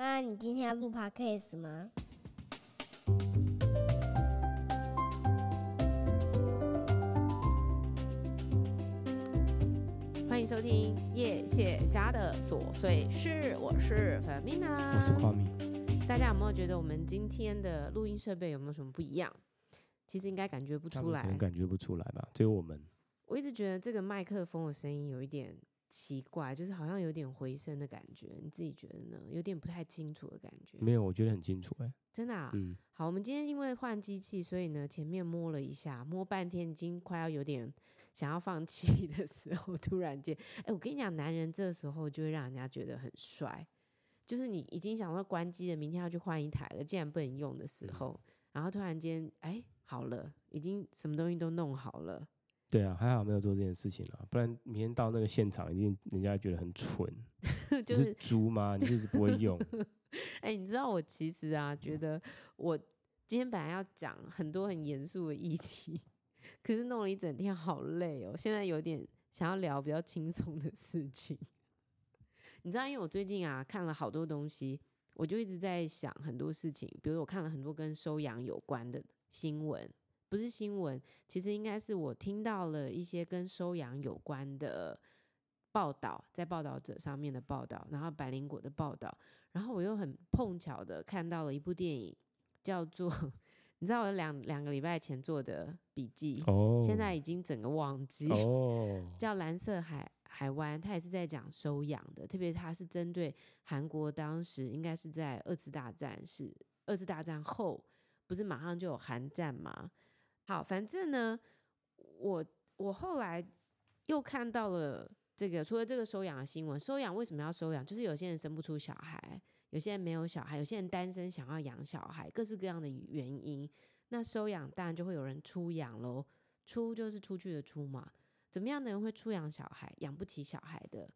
那、啊、你今天要錄 podcast 嗎？歡迎收聽葉謝家的瑣碎事，我是 Fermina，我是誇米。大家有沒有覺得我們今天的錄音設備有沒有什麼不一樣？其實應該感覺不出來，可能感覺不出來吧？只有我們。我一直覺得這個麥克風的聲音有一點奇怪，就是好像有點回聲的感覺，你自己覺得呢？有點不太清楚的感覺。沒有，我覺得很清楚哎、欸。真的啊。嗯。好，我們今天因為換機器，所以呢，前面摸了一下，摸半天，已經快要有點想要放棄的時候，突然間，哎、欸，我跟你講，男人這時候就會讓人家覺得很帥，就是你已經想要關機了，明天要去換一台了，竟然不能用的時候，嗯、然後突然間，哎、欸，好了，已經什麼東西都弄好了。對啊，還好沒有做這件事情了，不然明天到那個現場，一定人家覺得很蠢， 就是、是豬嗎？你一直不會用。哎、 欸，你知道我其實啊，覺得我今天本來要講很多很嚴肅的議題，可是弄了一整天好累哦、喔，現在有點想要聊比較輕鬆的事情。你知道，因為我最近啊看了好多東西，我就一直在想很多事情，比如我看了很多跟收養有關的新聞。不是新聞，其實應該是我聽到了一些跟收養有關的報道在報道者上面的報道然後百靈果的報道然後我又很碰巧的看到了一部電影，叫做你知道我兩兩個禮拜前做的筆記，Oh. 現在已經整個忘記，Oh. 叫藍色海海灣，它也是在講收養的，特別它是針對韓國當時應該是在二次大戰，是二次大戰後，不是馬上就有韓戰嗎？好，反正呢，我我後來又看到了這個，除了這個收養的新聞，收養為什麼要收養？就是有些人生不出小孩，有些人沒有小孩，有些人單身想要養小孩，各式各樣的原因。那收養當然就會有人出養咯，出就是出去的出嘛。怎麼樣的人會出養小孩？養不起小孩的，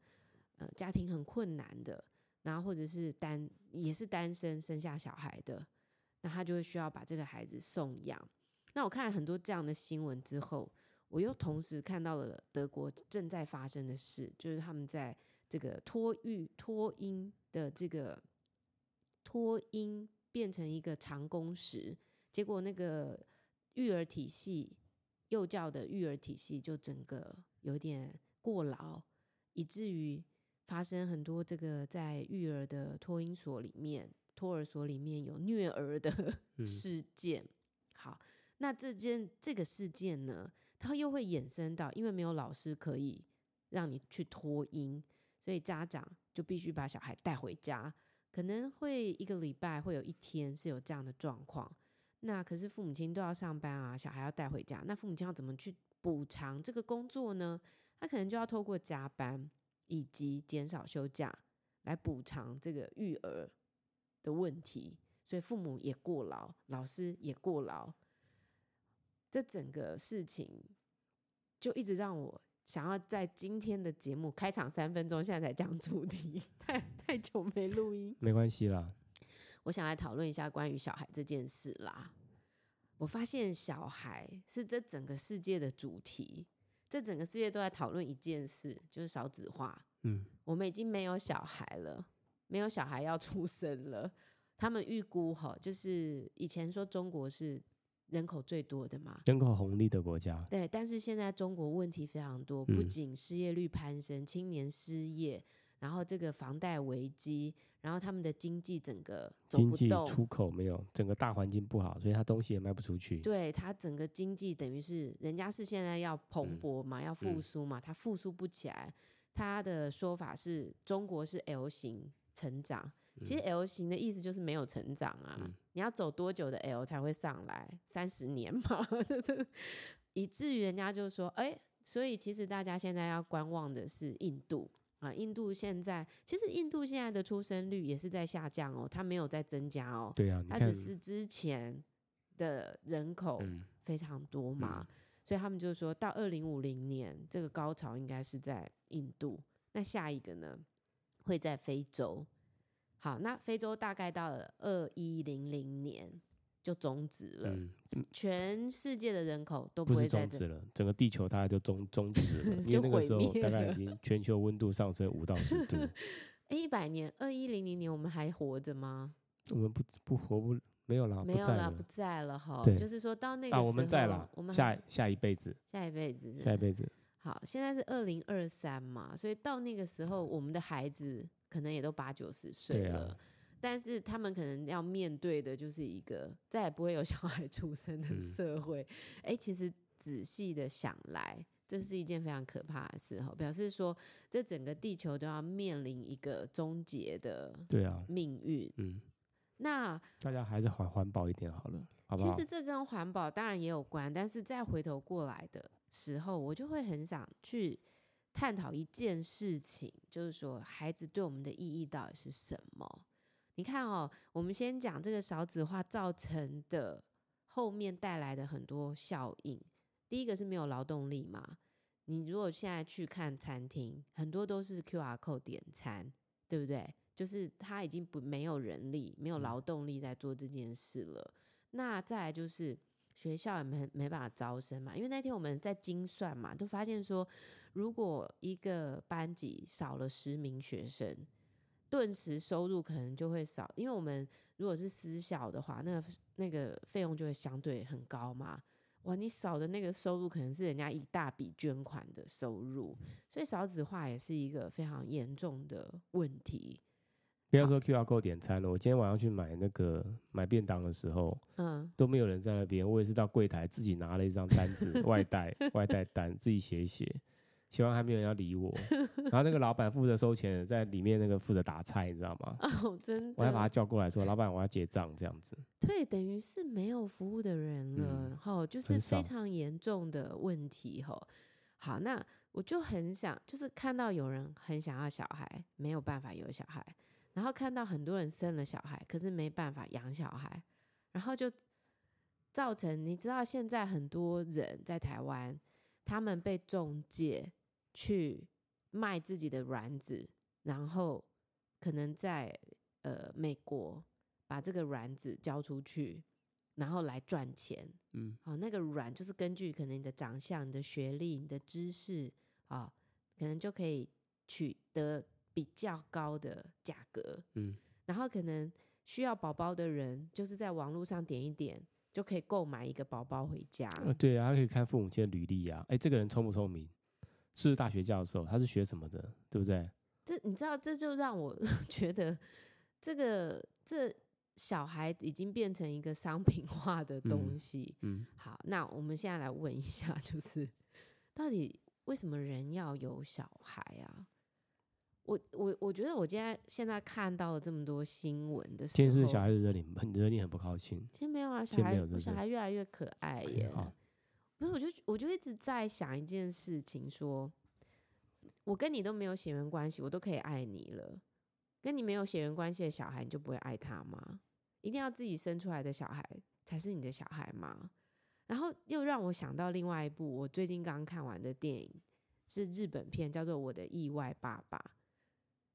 呃，家庭很困難的，然後或者是單也是單身生下小孩的，那他就會需要把這個孩子送養。那我看了很多這樣的新聞之後，我又同時看到了德國正在發生的事，就是他們在這個托育、托嬰的這個托嬰變成一個長工時，結果那個育兒體系、幼教的育兒體系就整個有點過勞，以至於發生很多這個在育兒的托嬰所裡面、托兒所裡面有虐兒的、 嗯、事件。好。那這件這個事件呢，它又會衍生到，因為沒有老師可以讓你去托嬰，所以家長就必須把小孩帶回家，可能會一個禮拜會有一天是有這樣的狀況。那可是父母親都要上班啊，小孩要帶回家，那父母親要怎麼去補償這個工作呢？他可能就要透過加班以及減少休假來補償這個育兒的問題，所以父母也過勞，老師也過勞。這整個事情就一直讓我想要在今天的節目開場三分鐘，現在才講主題，太太久沒錄音，沒關係啦。我想來討論一下關於小孩這件事啦。我發現小孩是這整個世界的主題，這整個世界都在討論一件事，就是少子化。嗯，我們已經沒有小孩了，沒有小孩要出生了。他們預估哈，就是以前說中國是，人口最多的嘛，人口紅利的國家。對，但是現在中國問題非常多，不僅失業率攀升，嗯、青年失業，然後這個房貸危機，然後他們的經濟整個走不動，經濟出口沒有，整個大環境不好，所以他東西也賣不出去。對，他整個經濟等於是人家是現在要蓬勃嘛，嗯、要復蘇嘛，他復蘇不起來。他的說法是中國是 L 型成長。其實 L 型的意思就是沒有成長啊！嗯、你要走多久的 L 才會上來？三十年嘛， 以至於人家就說：“哎、欸，所以其實大家現在要觀望的是印度啊！印度現在其實印度現在的出生率也是在下降哦，它沒有在增加哦。對、啊、它只是之前的人口非常多嘛，嗯嗯、所以他們就是說到二零五零年這個高潮應該是在印度，那下一個呢會在非洲。”好，那非洲大概到了二一零零年就終止了，嗯、全世界的人口都不會終止了，整個地球大概就終終止了， 了因為那個時候大概已經全球溫度上升五到十度。哎， 一百年，二一零零年我們還活着嗎？我們不不，不活不沒有了，沒有了，不在了哈，了對就是說到那個時候，那、啊、我們在啦，我們下下一輩子，下一輩子，下一輩子，子。好，現在是二零二三嘛，所以到那個時候，我們的孩子可能也都八九十歲了，對啊，但是他們可能要面對的就是一個再也不會有小孩出生的社會。哎、嗯欸，其實仔細的想來，這是一件非常可怕的事，候表示說，這整個地球都要面臨一個終結的命運，對啊。嗯，那大家還是環環保一點好了，好不好？其實這跟環保當然也有關，但是再回頭過來的。時候我就會很想去探討一件事情，就是說孩子對我們的意義到底是什麼？你看哦，我們先講這個少子化造成的後面帶來的很多效應。第一個是沒有勞動力嘛，你如果現在去看餐廳，很多都是 QR code 點餐，對不對？就是他已經不沒有人力、沒有勞動力在做這件事了。那再來就是。學校也沒沒辦法招生嘛，因為那天我們在精算嘛，就發現說，如果一個班級少了十名學生，頓時收入可能就會少，因為我們如果是私校的話，那那個費用就會相對很高嘛。哇，你少的那個收入可能是人家一大筆捐款的收入，所以少子化也是一個非常嚴重的問題。不要說 QR Code 點餐了，我今天晚上去買那個買便當的時候，嗯，都沒有人在那邊。我也是到櫃檯自己拿了一張單子， 外帶外帶單自己寫一寫，寫完還沒有人要理我。 然後那個老闆負責收錢，在裡面那個負責打菜，你知道嗎？哦、oh,，真的？我還把他叫過來說：“老闆，我要結賬。”這樣子。對，等於是沒有服務的人了，吼、嗯，oh, 就是非常嚴重的問題，吼少。好，那我就很想，就是看到有人很想要小孩，沒有辦法有小孩。然後看到很多人生了小孩，可是沒辦法養小孩，然後就造成你知道現在很多人在台灣，他們被中介去賣自己的卵子，然後可能在呃美國把這個卵子交出去，然後來賺錢，嗯、哦，那個卵就是根據可能你的長相、你的學歷、你的知識啊、哦，可能就可以取得，比較高的價格，嗯、然後可能需要寶寶的人，就是在網絡上點一點就可以購買一個寶寶回家。啊、對啊，他可以看父母親的履歷啊，哎、欸，這個人聰不聰明？是不是大學教授？他是學什麼的？對不對？這你知道，這就讓我覺得，這個這小孩已經變成一個商品化的東西。嗯，嗯，好，那我們現在來問一下，就是到底為什麼人要有小孩啊？我我我覺得我今天現在看到了這麼多新聞的時候，其實小孩子惹你很惹你很不高興。其實沒有啊，小孩小孩越來越可愛耶。可是，我就我就一直在想一件事情，說，我跟你都沒有血緣關係，我都可以愛你了。跟你沒有血緣關係的小孩，你就不會愛他嗎？一定要自己生出來的小孩才是你的小孩嗎？然後又讓我想到另外一部我最近剛看完的電影，是日本片，叫做《我的意外爸爸》。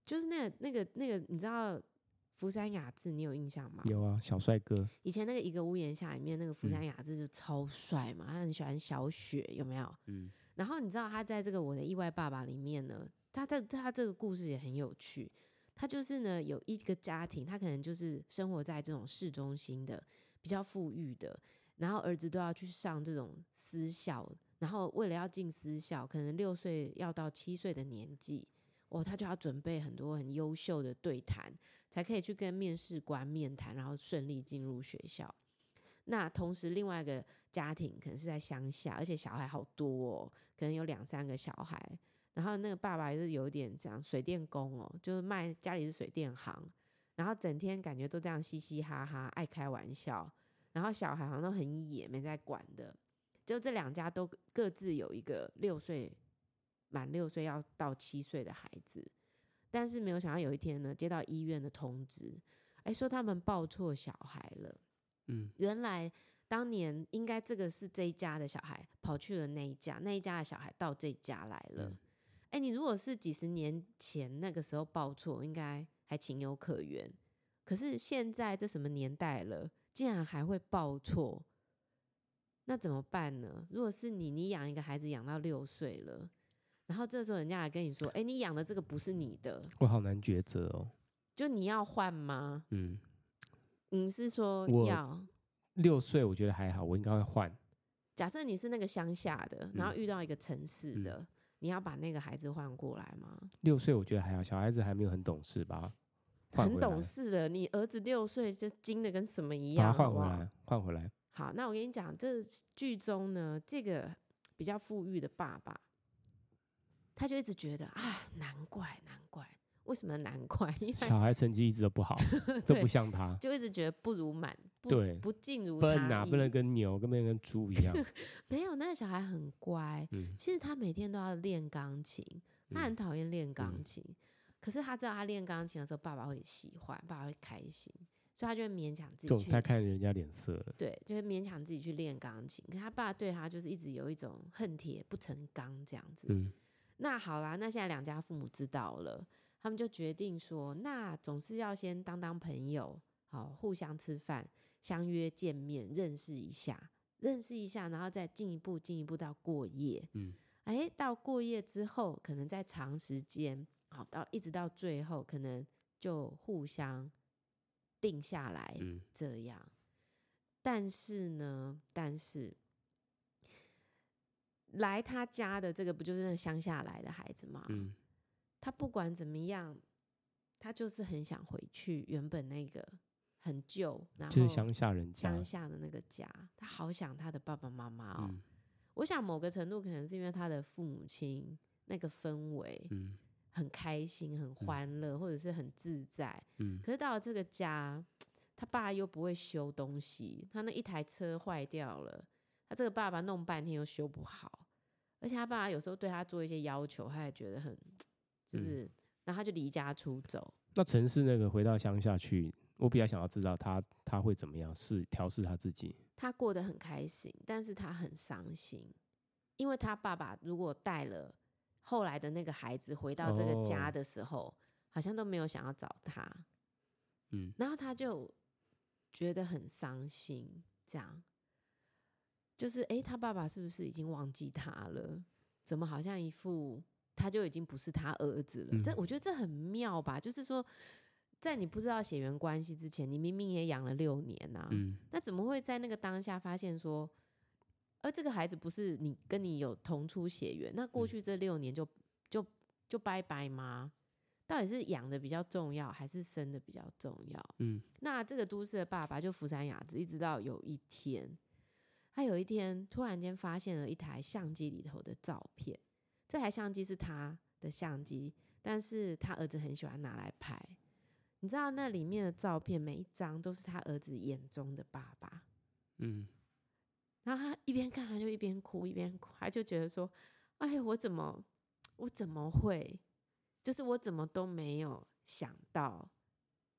就是那個那個那個，那個，你知道福山雅治，你有印象嗎？有啊，小帥哥。以前那個《一個屋檐下》裡面那個福山雅治就超帥嘛，嗯、他很喜歡小雪，有沒有？嗯。然後你知道他在這個《我的意外爸爸》裡面呢，他他他這個故事也很有趣。他就是呢，有一個家庭，他可能就是生活在這種市中心的比較富裕的，然後兒子都要去上這種私校，然後為了要進私校，可能六歲要到七歲的年紀。哦，他就要準備很多很優秀的對談，才可以去跟面試官面談，然後順利進入學校。那同時，另外一個家庭可能是在鄉下，而且小孩好多哦，可能有兩三個小孩。然後那個爸爸就有點這樣，水電工哦，就是賣家裡是水電行，然後整天感覺都這樣嘻嘻哈哈，愛開玩笑。然後小孩好像都很野，沒在管的。就這兩家都各自有一個六歲。滿六歲要到七歲的孩子，但是沒有想到有一天呢，接到醫院的通知，哎、欸，說他們抱錯小孩了。嗯，原來當年應該這個是這一家的小孩，跑去了那一家，那一家的小孩到這家來了。哎、嗯欸，你如果是幾十年前那個時候抱錯，應該還情有可原。可是現在這什麼年代了，竟然還會抱錯，那怎麼辦呢？如果是你，你養一個孩子養到六歲了。然後這時候人家來跟你說：“哎，你養的這個不是你的。”我好難抉擇哦。就你要換嗎？嗯，你、嗯、是說要？六歲我覺得還好，我應該會換。假設你是那個鄉下的，然後遇到一個城市的，嗯、你要把那個孩子換過來嗎？六歲我覺得還好，小孩子還沒有很懂事吧？很懂事的，你兒子六歲就精的跟什麼一樣。把他換回來，換回來。好，那我跟你講，這劇中呢，這個比較富裕的爸爸。他就一直覺得啊，難怪，難怪，為什麼難怪？因為小孩成績一直都不好， 對都不像他，就一直覺得不如滿，不對，不盡如他意。不能拿，不能跟牛，不能跟豬一樣。 沒有，那個小孩很乖。其實他每天都要練鋼琴，他很討厭練鋼琴。嗯、可是他知道他練鋼琴的時候，爸爸會喜歡，爸爸會開心，所以他就會勉強自己去。他看人家臉色了。對，就會勉強自己去練鋼琴。可是他爸對他就是一直有一種恨鐵不成鋼這樣子。嗯那好啦，那現在兩家父母知道了，他們就決定說，那總是要先當當朋友，好互相吃飯，相約見面認識一下，認識一下，然後再進一步進一步到過夜。嗯，哎、欸，到過夜之後，可能再長時間，好到一直到最後，可能就互相定下來、嗯、這樣。但是呢，但是。來他家的這個不就是那鄉下來的孩子嗎？嗯，他不管怎麼樣，他就是很想回去原本那個很舊，就是鄉下人家鄉下的那個家。他好想他的爸爸媽媽哦。嗯，我想某個程度可能是因為他的父母親那個氛圍，嗯，很開心，很歡樂，嗯，或者是很自在。嗯，可是到了這個家，他爸又不會修東西，他那一台車壞掉了。他這個爸爸弄半天又修不好，而且他爸爸有時候對他做一些要求，他也覺得很，就是，嗯、然後他就離家出走。那城市那個回到鄉下去，我比較想要知道他他會怎麼樣試，是調適他自己？他過得很開心，但是他很傷心，因為他爸爸如果帶了後來的那個孩子回到這個家的時候，哦、好像都沒有想要找他，嗯，然後他就覺得很傷心，這樣。就是哎、欸，他爸爸是不是已經忘記他了？怎麼好像一副他就已經不是他兒子了？嗯、這我覺得這很妙吧？就是說，在你不知道血緣關係之前，你明明也養了六年吶、啊，嗯、那怎麼會在那個當下發現說，呃，這個孩子不是你跟你有同出血緣？那過去這六年就就就拜拜嗎？到底是養的比較重要，還是生的比較重要？嗯，那這個都市的爸爸就福山雅治，一直到有一天。他有一天突然間發現了一台相機裡頭的照片，這台相機是他的相機，但是他兒子很喜歡拿來拍。你知道那裡面的照片每一張都是他兒子眼中的爸爸。嗯。然後他一邊看，他就一邊哭，一邊哭，他就覺得說：“哎，我怎麼，我怎麼會，就是我怎麼都沒有想到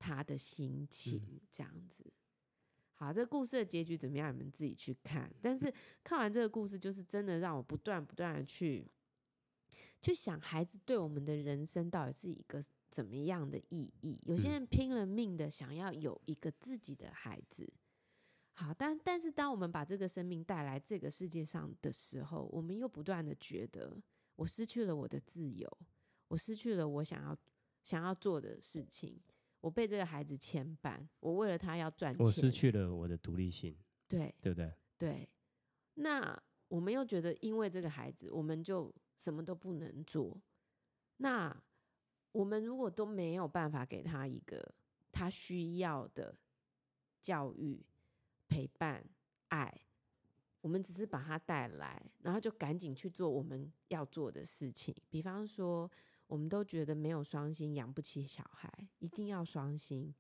他的心情這樣子。”嗯好，這個故事的結局怎麼樣？你們自己去看。但是看完這個故事，就是真的讓我不斷不斷的去去想，孩子對我們的人生到底是一個怎麼樣的意義？有些人拼了命的想要有一個自己的孩子。好，但但是當我們把這個生命帶來這個世界上的時候，我們又不斷的覺得，我失去了我的自由，我失去了我想要想要做的事情。我被這個孩子牽絆，我為了他要賺錢，我失去了我的獨立性，對，對不對？對，那我們又覺得因為這個孩子，我們就什麼都不能做。那我們如果都沒有辦法給他一個他需要的教育、陪伴、愛，我們只是把他帶來，然後就趕緊去做我們要做的事情，比方說。我們都覺得沒有雙薪養不起小孩，一定要雙薪。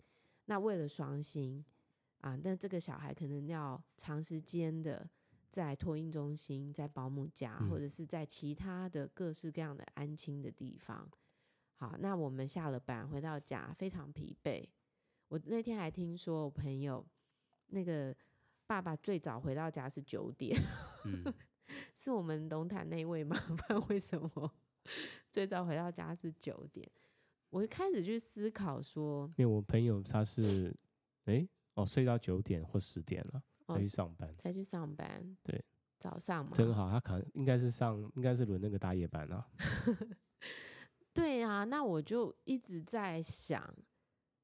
那為了雙薪啊，但這個小孩可能要長時間的在托嬰中心、在保姆家，或者是在其他的各式各樣的安親的地方。嗯、好，那我們下了班回到家非常疲憊。我那天還聽說我朋友那個爸爸最早回到家是九點。嗯、 是我們龍潭那位嗎？不知道為什麼？最早回到家是九點，我一開始去思考說，因為我朋友他是，哎、欸，哦，睡到九點或十點了，哦、去才去上班，才去上班，對，早上嘛，真好，他可能應該是上，應該是輪那個大夜班啊， 對啊，那我就一直在想，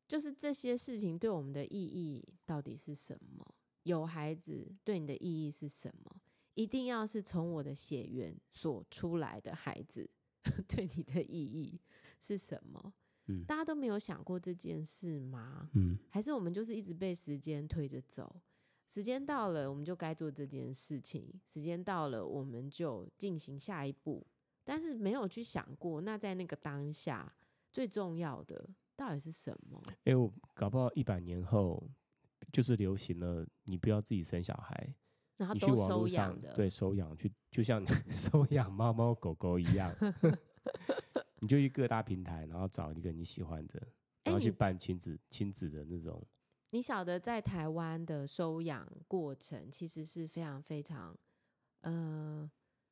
就是這些事情對我們的意義到底是什麼？有孩子對你的意義是什麼？一定要是從我的血緣所出來的孩子。 對你的意義是什麼？嗯，大家都沒有想過這件事嗎？嗯，還是我們就是一直被時間推着走，時間到了我們就該做這件事情，時間到了我們就進行下一步，但是沒有去想過，那在那個當下最重要的到底是什麼？哎，欸，我搞不好一百年後就是流行了，你不要自己生小孩。然後去收養的你去網路上，對收養去，就像收養貓貓狗狗一樣， 你就去各大平台，然後找一個你喜歡的，然後去辦親子親、欸、你子的那種。你曉得在台灣的收養過程其實是非常非常，呃，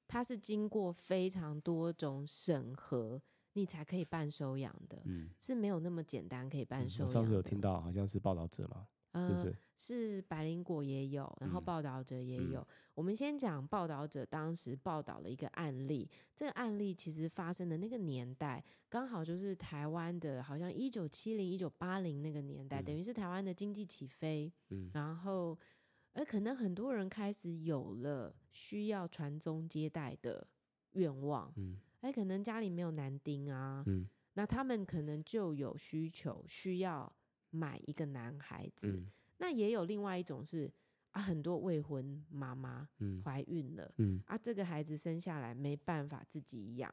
它是經過非常多種審核，你才可以辦收養的，嗯，是沒有那麼簡單可以辦收養。嗯、我上次有聽到好像是報導者嗎？呃，是誰？是百靈果也有，然後報導者也有。嗯嗯、我們先講報導者當時報道的一個案例。這個案例其實發生的那個年代，剛好就是台灣的，好像一九七零、一九八零那個年代，嗯、等於是台灣的經濟起飛。嗯、然後，哎、欸，可能很多人開始有了需要傳宗接代的願望。哎、嗯，欸、可能家裡沒有男丁啊。嗯、那他們可能就有需求需要。買一個男孩子，嗯、那也有另外一種是啊，很多未婚媽媽，懷孕了，嗯嗯、啊，這個孩子生下來沒辦法自己養，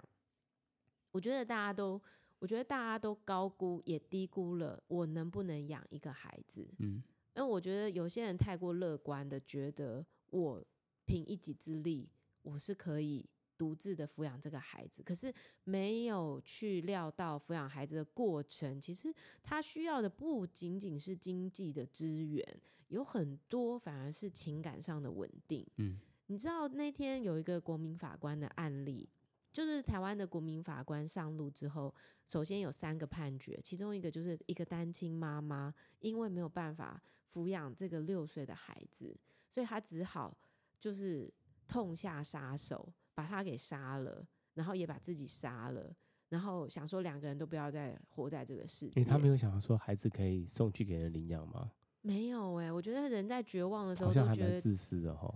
我覺得大家都，我覺得大家都高估也低估了我能不能養一個孩子，嗯，那我覺得有些人太過樂觀的覺得我憑一己之力我是可以。獨自的撫養這個孩子，可是沒有去料到撫養孩子的過程，其實他需要的不僅僅是經濟的資源，有很多反而是情感上的穩定。嗯，你知道那天有一個國民法官的案例，就是台灣的國民法官上路之後，首先有三個判決，其中一個就是一個單親媽媽，因為沒有辦法撫養這個六歲的孩子，所以他只好就是痛下殺手。把他給殺了，然後也把自己殺了，然後想說兩個人都不要再活在這個世界。因為他沒有想說孩子可以送去給人領養嗎？沒有哎、欸，我覺得人在絕望的時候覺得好像還蠻自私的哈。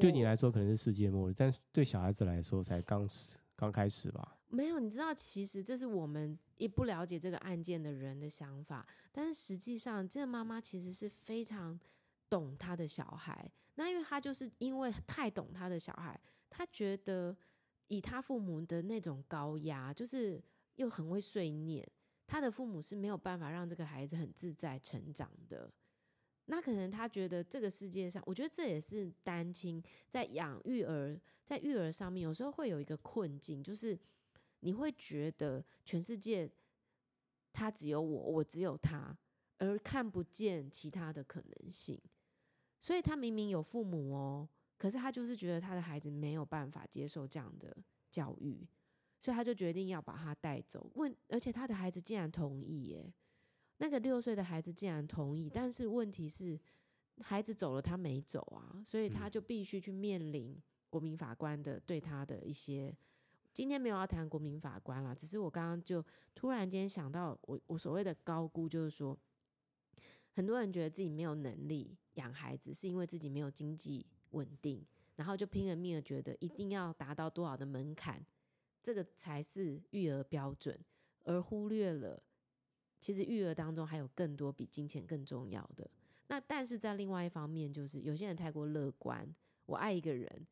對你來說可能是世界末日，我但對小孩子來說才剛剛開始吧。沒有，你知道，其實這是我們一不了解這個案件的人的想法，但是實際上，這個媽媽其實是非常懂他的小孩。那因為他就是因為太懂他的小孩。他覺得以他父母的那種高壓，就是又很會碎念，他的父母是沒有辦法讓這個孩子很自在成長的。那可能他覺得這個世界上，我覺得這也是單親在養育兒在育兒上面，有時候會有一個困境，就是你會覺得全世界他只有我，我只有他，而看不見其他的可能性。所以，他明明有父母哦。可是他就是覺得他的孩子沒有辦法接受這樣的教育，所以他就決定要把他帶走。問，而且他的孩子竟然同意耶，那個六歲的孩子竟然同意。但是問題是，孩子走了，他沒走啊，所以他就必須去面臨國民法官的對他的一些。今天沒有要談國民法官了，只是我剛剛就突然間想到我，我我所謂的高估，就是說，很多人覺得自己沒有能力養孩子，是因為自己沒有經濟。穩定，然後就拼了命的覺得一定要達到多少的門檻，這個才是育兒標準，而忽略了其實育兒當中還有更多比金錢更重要的。那但是在另外一方面，就是有些人太過樂觀，我愛一個人，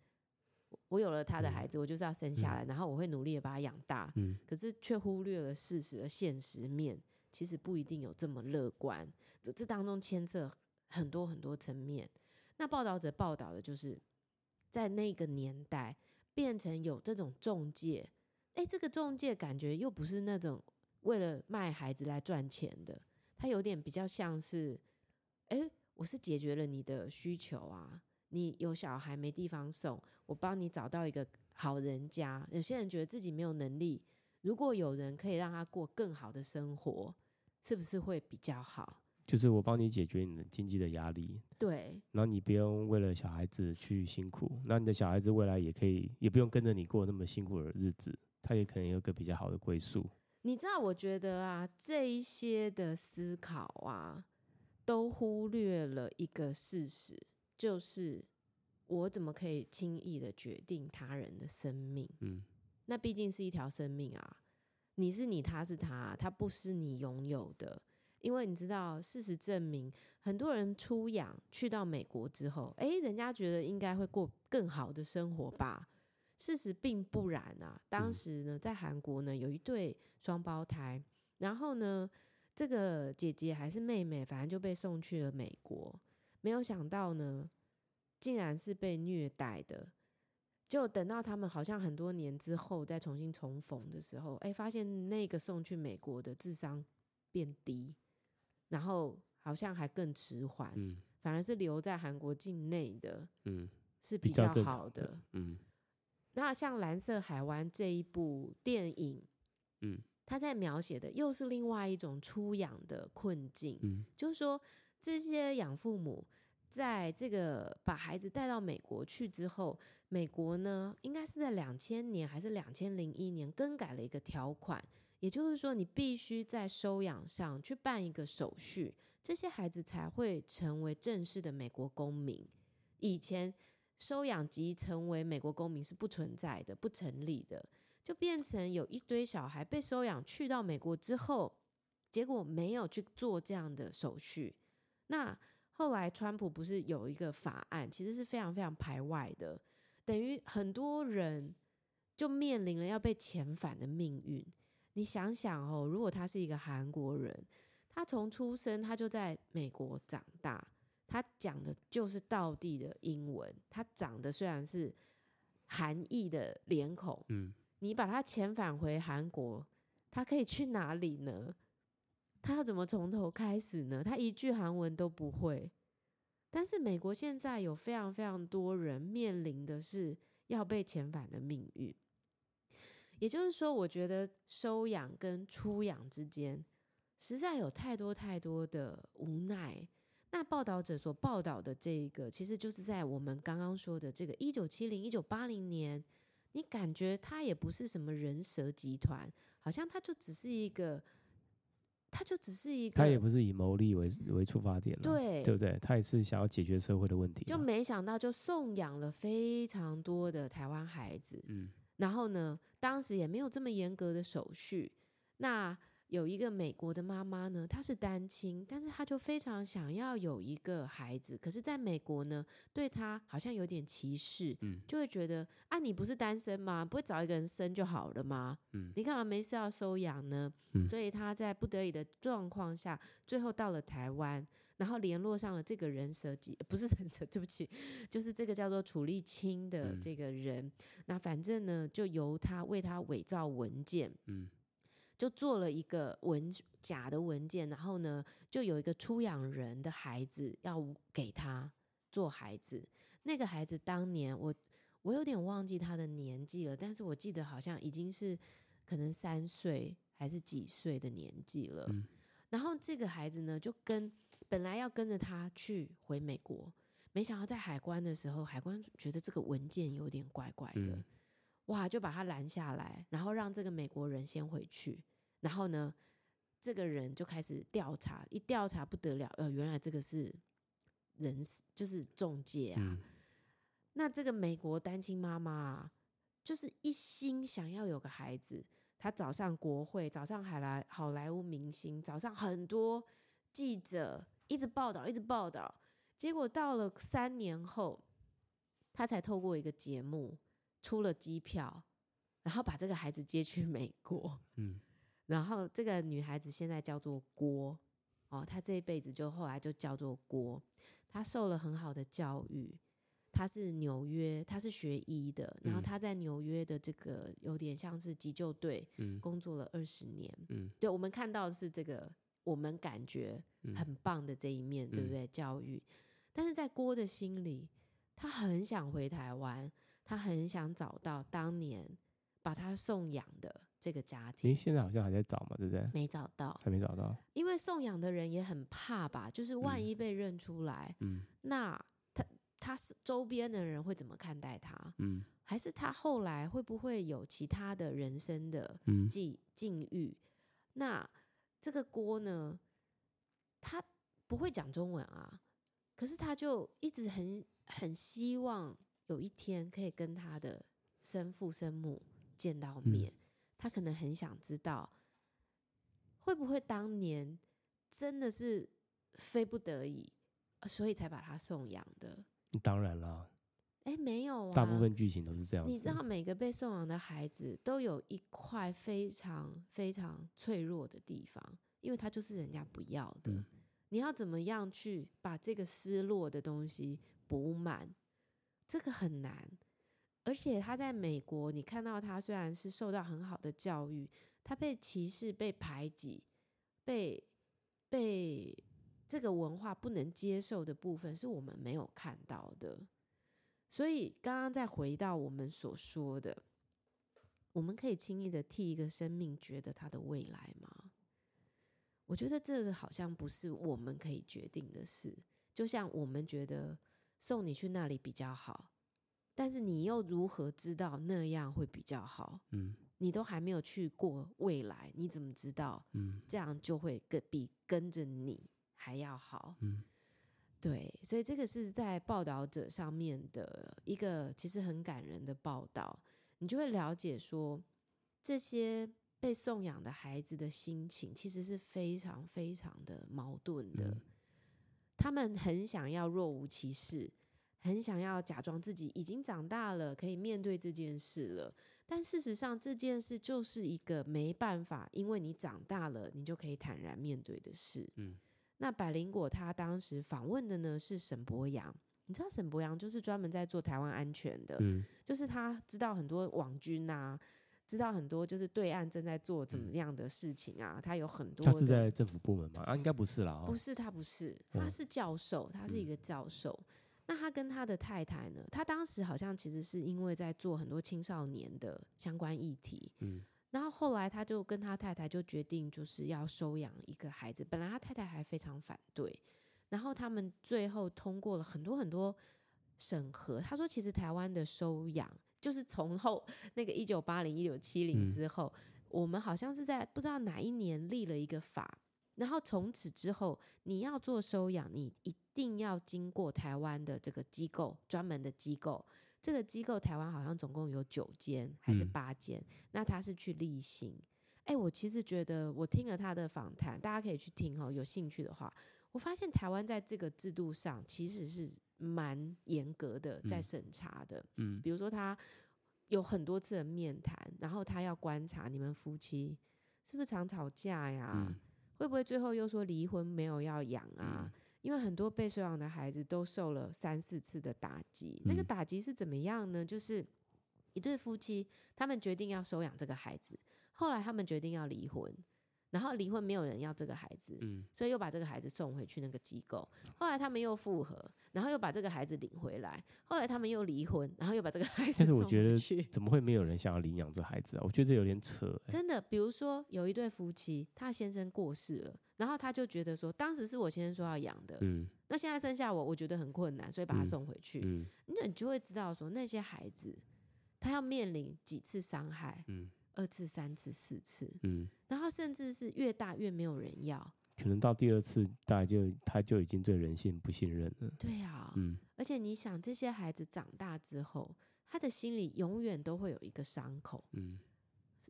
我有了他的孩子，我就是要生下來，嗯，然後我會努力的把他養大，嗯，可是卻忽略了事實的現實面，其實不一定有這麼樂觀。這這當中牽涉很多很多層面。那報導者報道的就是，在那個年代變成有這種仲介，誒，這個仲介感覺又不是那種為了賣孩子來賺錢的，他有點比較像是，誒，我是解決了你的需求啊，你有小孩沒地方送，我幫你找到一個好人家。有些人覺得自己沒有能力，如果有人可以讓他過更好的生活，是不是會比較好？就是我幫你解決你的經濟的壓力，對，然後你不用為了小孩子去辛苦，那你的小孩子未來也可以，也不用跟着你過那麼辛苦的日子，他也可能有個比較好的歸宿。你知道，我覺得啊，這一些的思考啊，都忽略了一個事實，就是我怎麼可以輕易的決定他人的生命？嗯，那畢竟是一條生命啊，你是你，他是他，他不是你擁有的。因為你知道，事實證明，很多人出養去到美國之後，哎，人家覺得應該會過更好的生活吧？事實並不然啊。當時呢，在韓國呢，有一對雙胞胎，然後呢，這個姐姐還是妹妹，反正就被送去了美國。沒有想到呢，竟然是被虐待的。就等到他們好像很多年之後再重新重逢的時候，哎，發現那個送去美國的智商變低。然後好像還更遲緩，嗯、反而是留在韓國境內的，嗯、是比較好的。嗯、那像《藍色海灣》這一部電影，嗯、他在描寫的又是另外一種出養的困境。嗯、就是說這些養父母在這個把孩子帶到美國去之後，美國呢，應該是在兩千年還是兩千零一年更改了一個條款。也就是說，你必須在收養上去辦一個手續，這些孩子才會成為正式的美國公民。以前收養即成為美國公民是不存在的、不成立的，就變成有一堆小孩被收養去到美國之後，結果沒有去做這樣的手續。那後來川普不是有一個法案，其實是非常非常排外的，等於很多人就面臨了要被遣返的命運。你想想哦，如果他是一個韓國人，他從出生他就在美國長大，他講的就是道地的英文，他長得雖然是韓裔的臉孔，嗯，你把他遣返回韓國，他可以去哪裡呢？他要怎麼從頭開始呢？他一句韓文都不會。但是美國現在有非常非常多人面臨的是要被遣返的命運。也就是說，我覺得收養跟出養之間實在有太多太多的無奈。那報導者所報道的這個，其實就是在我們剛剛說的這個一九七零、一九八零年，你感覺他也不是什麼人蛇集團，好像他就只是一個，他就只是一個，他也不是以牟利為為出發點，對對不對？他也是想要解決社會的問題，就沒想到就送養了非常多的台灣孩子，嗯。然後呢，當時也沒有這麼嚴格的手續。那有一個美國的媽媽呢，她是單親，但是她就非常想要有一個孩子。可是，在美國呢，對她好像有點歧視，嗯、就會覺得啊，你不是單身嗎？不會找一個人生就好了嗎？嗯、你幹嘛沒事要收養呢？嗯、所以她在不得已的狀況下，最後到了台灣。然後聯絡上了這個人蛇集、呃、不是人蛇，對不起，就是這個叫做楚立青的這個人。嗯、那反正呢，就由他為他偽造文件，嗯、就做了一個文，假的文件。然後呢，就有一個出養人的孩子要給他做孩子。那個孩子當年我我有點忘記他的年紀了，但是我記得好像已經是可能三歲還是幾歲的年紀了。嗯、然後這個孩子呢，就跟。本來要跟着他去回美國，沒想到在海關的時候，海關覺得這個文件有點怪怪的，嗯、哇，就把他攔下來，然後讓這個美國人先回去。然後呢，這個人就開始調查，一調查不得了，呃，原來這個是人就是中介啊。嗯、那這個美國單親媽媽就是一心想要有個孩子，她找上國會，找上海來好萊塢明星，找上很多記者。一直報道，一直報道，結果到了三年後，他才透過一個節目出了機票，然後把這個孩子接去美國。嗯，然後這個女孩子現在叫做郭哦，她這一輩子就後來就叫做郭，她受了很好的教育，她是紐約，她是學醫的，然後她在紐約的這個有點像是急救隊，嗯，工作了二十年，嗯，對，我們看到的是這個。我們感覺很棒的這一面，嗯，對不對？教育，但是在郭的心裡，他很想回台灣，他很想找到當年把他送養的這個家庭。誒，現在好像還在找嗎？對不對？沒找到，還沒找到。因為送養的人也很怕吧，就是萬一被認出來，嗯，嗯，那他他是周邊的人會怎麼看待他？嗯，還是他後來會不會有其他的人生的境遇？嗯，那。這個鍋呢，他不會講中文啊，可是他就一直很很希望有一天可以跟他的生父生母見到面，他、嗯、可能很想知道，會不會當年真的是非不得已，所以才把他送養的？當然了。哎、欸，沒有啊。大部分劇情都是這樣。你知道，每個被送養的孩子都有一塊非常非常脆弱的地方，因為他就是人家不要的。嗯、你要怎麼樣去把這個失落的東西補滿？這個很難。而且他在美國，你看到他雖然是受到很好的教育，他被歧視、被排擠、被被這個文化不能接受的部分，是我們沒有看到的。所以，剛剛再回到我們所說的，我們可以輕易的替一個生命覺得它的未來嗎？我覺得這個好像不是我們可以決定的事。就像我們覺得送你去那裡比較好，但是你又如何知道那樣會比較好？嗯，你都還沒有去過未來，你怎麼知道？這樣就會更比跟着你還要好。嗯嗯對，所以這個是在報導者上面的一個其實很感人的報道，你就會了解說，這些被送養的孩子的心情其實是非常非常的矛盾的，他們很想要若無其事，很想要假裝自己已經長大了，可以面對這件事了，但事實上這件事就是一個沒辦法因為你長大了，你就可以坦然面對的事，嗯那百靈果他當時訪問的呢是沈伯洋，你知道沈伯洋就是專門在做台灣安全的，嗯、就是他知道很多網軍啊，知道很多就是對岸正在做怎麼樣的事情啊，嗯、他有很多。他是在政府部門嗎？啊，應該不是啦。不是，他不是，嗯、他是教授，他是一個教授。嗯、那他跟他的太太呢？他當時好像其實是因為在做很多青少年的相關議題，嗯然後後來他就跟他太太就決定就是要收養一個孩子，本來他太太還非常反對，然後他們最後通過了很多很多審核。他說，其實台灣的收養就是從後那個一九八零、一九七零之後，嗯、我們好像是在不知道哪一年立了一個法，然後從此之後你要做收養，你一定要經過台灣的這個機構，專門的機構。這個機構台灣好像總共有九間還是八間？嗯、那他是去例行哎，欸、我其實覺得我聽了他的訪談，大家可以去聽哦。有興趣的話，我發現台灣在這個制度上其實是蠻嚴格的，在審查的。嗯，比如說他有很多次的面談，然後他要觀察你們夫妻是不是常吵架呀？嗯、會不會最後又說離婚沒有要養啊？嗯因為很多被收養的孩子都受了三四次的打擊，那個打擊是怎麼樣呢？就是一對夫妻，他們決定要收養這個孩子，後來他們決定要離婚。然後離婚，沒有人要這個孩子，所以又把這個孩子送回去那個機構。後來他們又復合，然後又把這個孩子領回來。後來他們又離婚，然後又把這個孩子送回去。但是我覺得怎麼會沒有人想要領養這孩子啊？我覺得這有點扯欸。真的，比如說有一對夫妻，他先生過世了，然後他就覺得說，當時是我先生說要養的，嗯，那現在剩下我，我覺得很困難，所以把他送回去。那，嗯，嗯，你就會知道說那些孩子他要面臨幾次傷害，嗯。二次、三次、四次，嗯，然後甚至是越大越沒有人要，可能到第二次大概，大家就他就已經對人性不信任了。對啊，嗯，而且你想這些孩子長大之後，他的心裡永遠都會有一個傷口，嗯，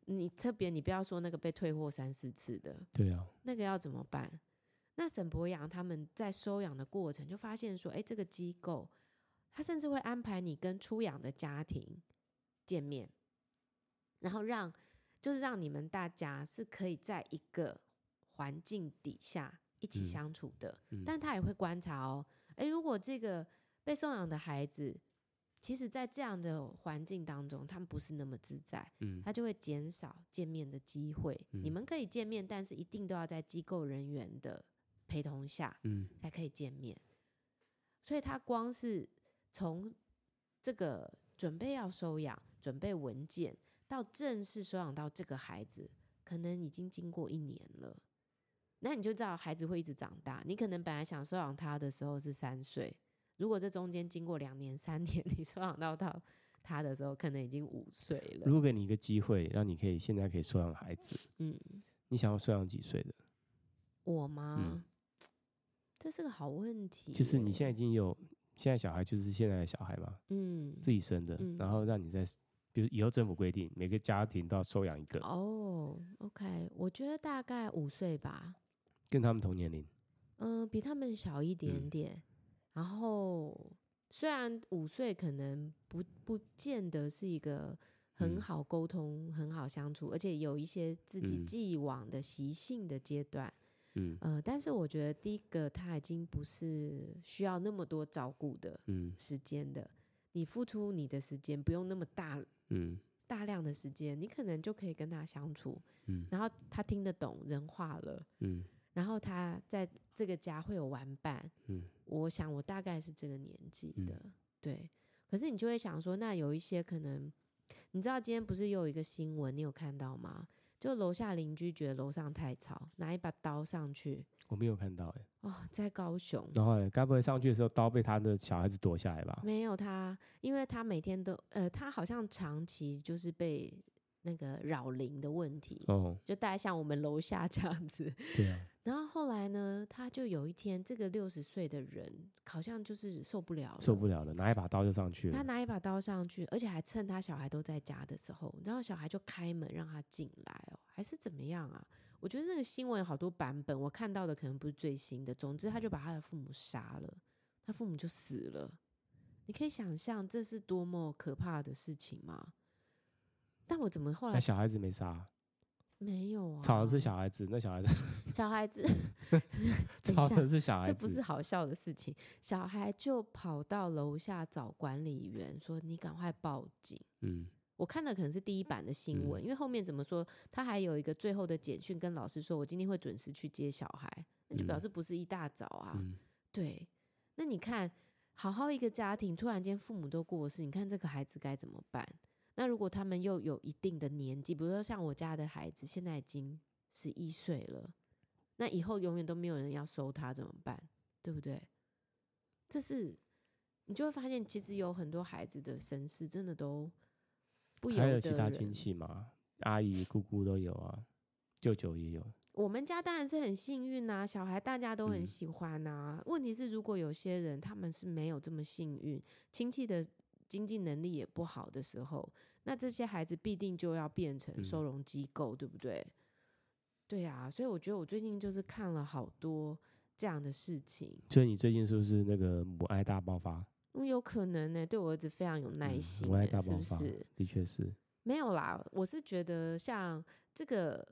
你特別你不要說那個被退貨三四次的，對啊，那個要怎麼辦？那沈伯洋他們在收養的過程就發現說，哎，這個機構他甚至會安排你跟出養的家庭見面。然後讓，就是讓你們大家是可以在一個環境底下一起相處的，嗯嗯、但他也會觀察哦。哎，如果這個被收養的孩子，其實，在這樣的環境當中，他們不是那麼自在，他就會減少見面的機會。嗯嗯、你們可以見面，但是一定都要在機構人員的陪同下，嗯、才可以見面。所以，他光是從這個準備要收養，準備文件。到正式收養到這個孩子，可能已經經過一年了，那你就知道孩子會一直長大。你可能本來想收養他的時候是三歲，如果這中間經過兩年、三年，你收養到，到他的時候，可能已經五歲了。如果給你一個機會，讓你可以現在可以收養孩子，嗯，你想要收養幾歲的？我嗎？嗯，這是個好問題欸。就是你現在已經有現在小孩，就是現在的小孩嘛，嗯，自己生的，嗯，然後讓你在。比如以後政府規定每個家庭都要收養一個哦、oh,，OK，我覺得大概五歲吧，跟他們同年齡，嗯、呃，比他們小一點點。嗯、然後雖然五歲可能不不見得是一個很好溝通、嗯、很好相處，而且有一些自己既往的習性的階段，嗯、呃、但是我覺得第一個他已經不是需要那麼多照顧的，嗯，時間的，嗯、你付出你的時間不用那麼大。嗯，大量的時間，你可能就可以跟他相處，嗯，然後他聽得懂人話了，嗯，然後他在這個家會有玩伴，嗯，我想我大概是這個年紀的，嗯、對，可是你就會想說，那有一些可能，你知道今天不是又有一個新聞，你有看到嗎？就樓下鄰居覺得樓上太吵，拿一把刀上去。我沒有看到哎、欸。哦，oh, 在高雄。然後嘞，該不會上去的時候刀被他的小孩子奪下來吧？沒有他，因為他每天都，呃，他好像長期就是被。那個擾鄰的問題，oh. 就大概像我們樓下這樣子。對啊，然後後來呢，他就有一天，這個六十歲的人好像就是受不了了，受不了了，拿一把刀就上去。他拿一把刀上去，而且還趁他小孩都在家的時候，然後小孩就開門讓他進來、哦，還是怎麼樣啊？我覺得那個新聞有好多版本，我看到的可能不是最新的。總之，他就把他的父母殺了，他父母就死了。你可以想象這是多麼可怕的事情嗎？但我怎麼後來、啊、小孩子沒殺、啊，沒有啊？吵的是小孩子，那小孩子小孩子 吵的是小孩子，這不是好笑的事情。小孩就跑到樓下找管理員說：“你趕快報警。”嗯，我看了可能是第一版的新聞，嗯、因為後面怎麼說？他還有一個最後的簡訊跟老師說：“我今天會準時去接小孩。”那就表示不是一大早啊。嗯、對，那你看，好好一個家庭，突然間父母都過世，你看這個孩子該怎麼辦？那如果他們又有一定的年紀，比如說像我家的孩子現在已經十一歲了，那以後永遠都沒有人要收他怎麼辦？對不對？這是你就會發現，其實有很多孩子的身世真的都不一樣。還有其他親戚嗎？阿姨、姑姑都有啊，舅舅也有。我們家當然是很幸運啊，小孩大家都很喜歡吶、啊。嗯、問題是，如果有些人他們是沒有這麼幸運，親戚的。經濟能力也不好的時候，那這些孩子必定就要變成收容機構，嗯、對不對？對啊。所以我覺得我最近就是看了好多這樣的事情。所以你最近是不是那個母愛大爆發？嗯、有可能呢、欸，對我兒子非常有耐心、欸。母、嗯、愛大爆發，是不是？的確是。沒有啦，我是覺得像這個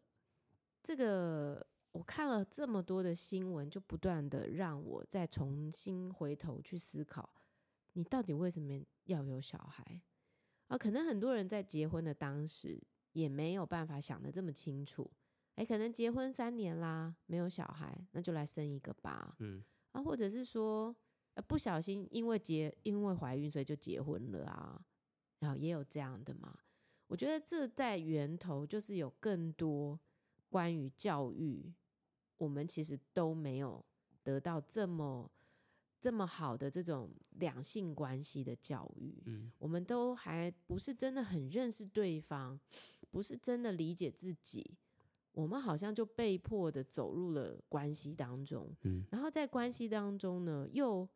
這個，我看了這麼多的新聞，就不斷的讓我再重新回頭去思考，你到底為什麼？要有小孩啊，可能很多人在結婚的當時也沒有辦法想得這麼清楚，欸，可能結婚三年啦，沒有小孩，那就來生一個吧，嗯，啊，或者是說，呃，不小心因為結因為懷孕所以就結婚了啊，啊，然後也有這樣的嘛，我覺得這在源頭就是有更多關於教育，我們其實都沒有得到這麼。這麼好的這種兩性關係的教育，嗯，我們都還不是真的很認識對方，不是真的理解自己，我們好像就被迫的走入了關係當中，嗯，然後在關係當中呢，又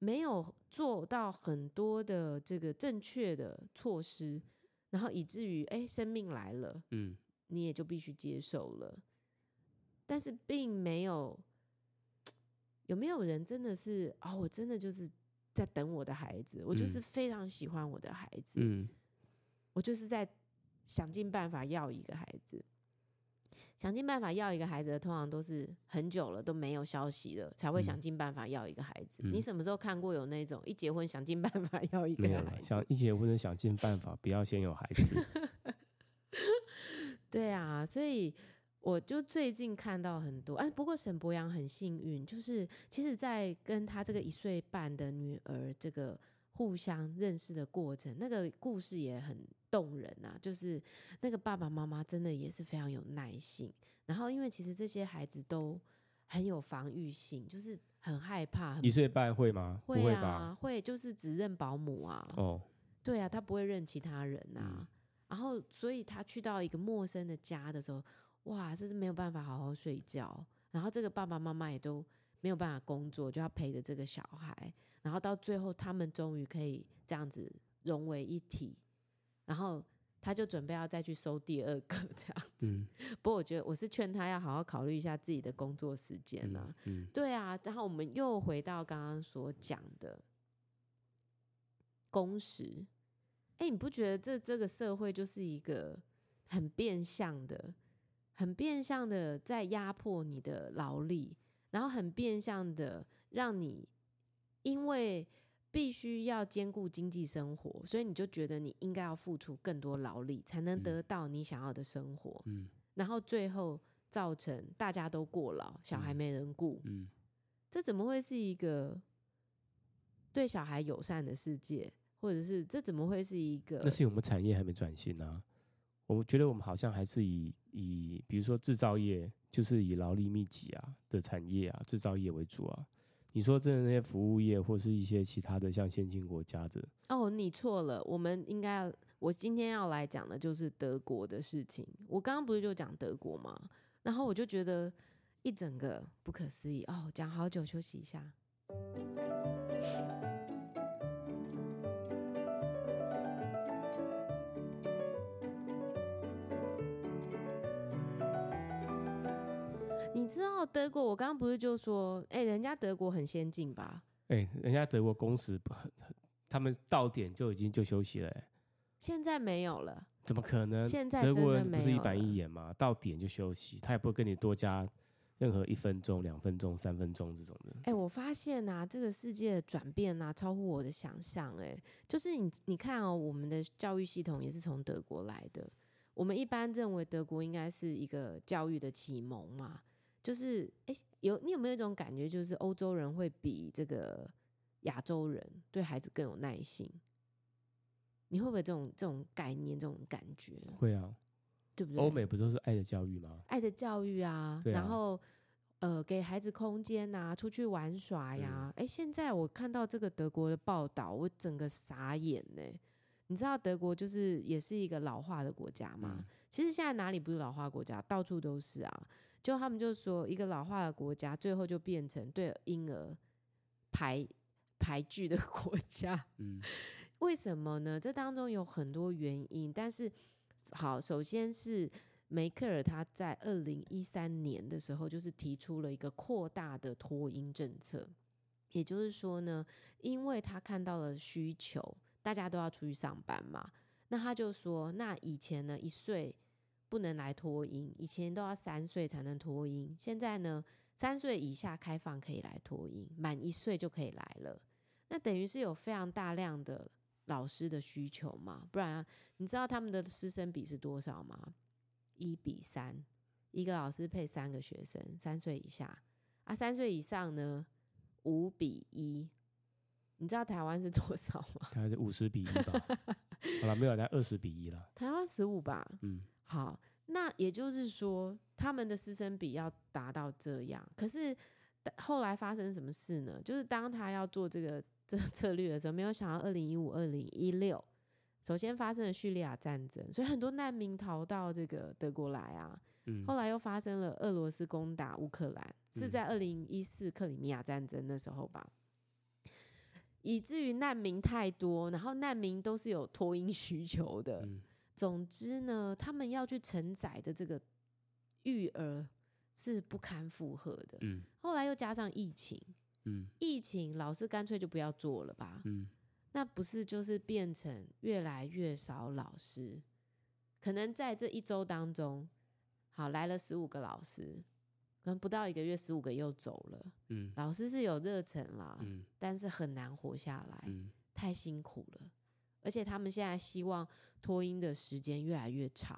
沒有做到很多的這個正確的措施，然後以至於欸，生命來了，嗯，你也就必須接受了，但是並沒有。有沒有人真的是哦，我真的就是在等我的孩子，我就是非常喜歡我的孩子。嗯，我就是在想盡辦法要一個孩子，想盡辦法要一個孩子，通常都是很久了都沒有消息了，才會想盡辦法要一個孩子。嗯，嗯，你什麼時候看過有那種一結婚想盡辦法要一個孩子？沒有啦，想一結婚想盡辦法不要先有孩子。 對啊，所以。我就最近看到很多，哎、啊，不過沈伯洋很幸運，就是其實，在跟他這個一歲半的女兒這個互相認識的過程，那個故事也很動人啊。就是那個爸爸媽媽真的也是非常有耐心。然後，因為其實這些孩子都很有防禦性，就是很害怕。一歲半會嗎？會啊，會就是只認保姆啊。哦，oh. 對啊，他不會認其他人啊。然後，所以他去到一個陌生的家的時候。哇，這是沒有辦法好好睡覺，然後這個爸爸媽媽也都沒有辦法工作，就要陪着這個小孩，然後到最後他們終於可以這樣子融為一體，然後他就準備要再去收第二個這樣子。嗯、不過我覺得我是勸他要好好考慮一下自己的工作時間了、啊。嗯嗯、對啊。然後我們又回到剛剛所講的工時，哎，你不覺得這這個社會就是一個很變相的？很變相的在壓迫你的勞力，然後很變相的讓你因為必須要兼顧經濟生活，所以你就覺得你應該要付出更多勞力才能得到你想要的生活。嗯嗯、然後最後造成大家都過勞，小孩沒人顧、嗯。嗯，這怎麼會是一個對小孩友善的世界，或者是這怎麼會是一個？那是因為我們產業還沒轉型啊。我覺得我們好像還是以以，比如說製造業，就是以勞力密集啊的產業啊，製造業為主啊。你說這些服務業或是一些其他的像先進國家的。哦，你錯了，我們應該，我今天要來講的就是德國的事情。我剛剛不是就講德國嗎？然後我就覺得一整個不可思議哦，講好久，休息一下。你知道德國？我剛剛不是就說，哎、欸，人家德國很先進吧？哎、欸，人家德國工時不很，他們到點就已經就休息了、欸。現在沒有了？怎麼可能？現在德國人不是一板一眼嗎？到點就休息，他也不會跟你多加任何一分鐘、兩分鐘、三分鐘這種的。哎、欸，我發現啊，這個世界的轉變啊，超乎我的想象。哎，就是你，你看哦，我們的教育系統也是從德國來的。我們一般認為德國應該是一個教育的啟蒙嘛。就是哎、欸，有你有沒有，有一種感覺，就是歐洲人會比這個亞洲人對孩子更有耐心？你會不會這種這種概念這種感覺？會啊，對不對？歐美不都是愛的教育嗎？愛的教育啊，啊然後呃，給孩子空間呐、啊，出去玩耍呀、啊。哎、嗯欸，現在我看到這個德國的報道，我整個傻眼呢、欸。你知道德國就是也是一個老化的國家嗎？嗯、其實現在哪裡不是老化的國家？到處都是啊。就他們就說，一個老化的國家，最後就變成對嬰兒排排拒的國家。嗯，為什麼呢？這當中有很多原因。但是，好，首先是梅克爾他在二零一三年的時候，就是提出了一個擴大的托嬰政策。也就是說呢，因為他看到了需求，大家都要出去上班嘛，那他就說，那以前呢，一歲。不能來托嬰，以前都要三歲才能托嬰，現在呢，三歲以下開放可以來托嬰，滿一歲就可以來了。那等於是有非常大量的老師的需求嘛？不然、啊、你知道他們的師生比是多少嗎？一比三，一個老師配三個學生。三歲以下啊，三歲以上呢，五比一。你知道台灣是多少嗎？台灣是五十比一吧？ 好了，沒有來。二十比一了。台灣十五吧？嗯。好，那也就是說，他們的師生比要達到這樣。可是後來發生什麼事呢？就是當他要做這個這個策略的時候，沒有想到二零一五、二零一六，首先發生了敘利亞戰爭，所以很多難民逃到這個德國來啊。嗯，後來又發生了俄羅斯攻打烏克蘭，是在二零一四克里米亞戰爭的時候吧，嗯，以至於難民太多，然後難民都是有托嬰需求的。嗯。總之呢，他們要去承載的這個育兒是不堪負荷的。嗯，後來又加上疫情，嗯，疫情老師乾脆就不要做了吧。嗯，那不是就是變成越來越少老師。可能在這一周當中，好，來了十五個老師，可能不到一個月，十五個又走了。嗯，老師是有熱忱啦，嗯，但是很難活下來，嗯，太辛苦了。而且他們現在希望托嬰的時間越來越長，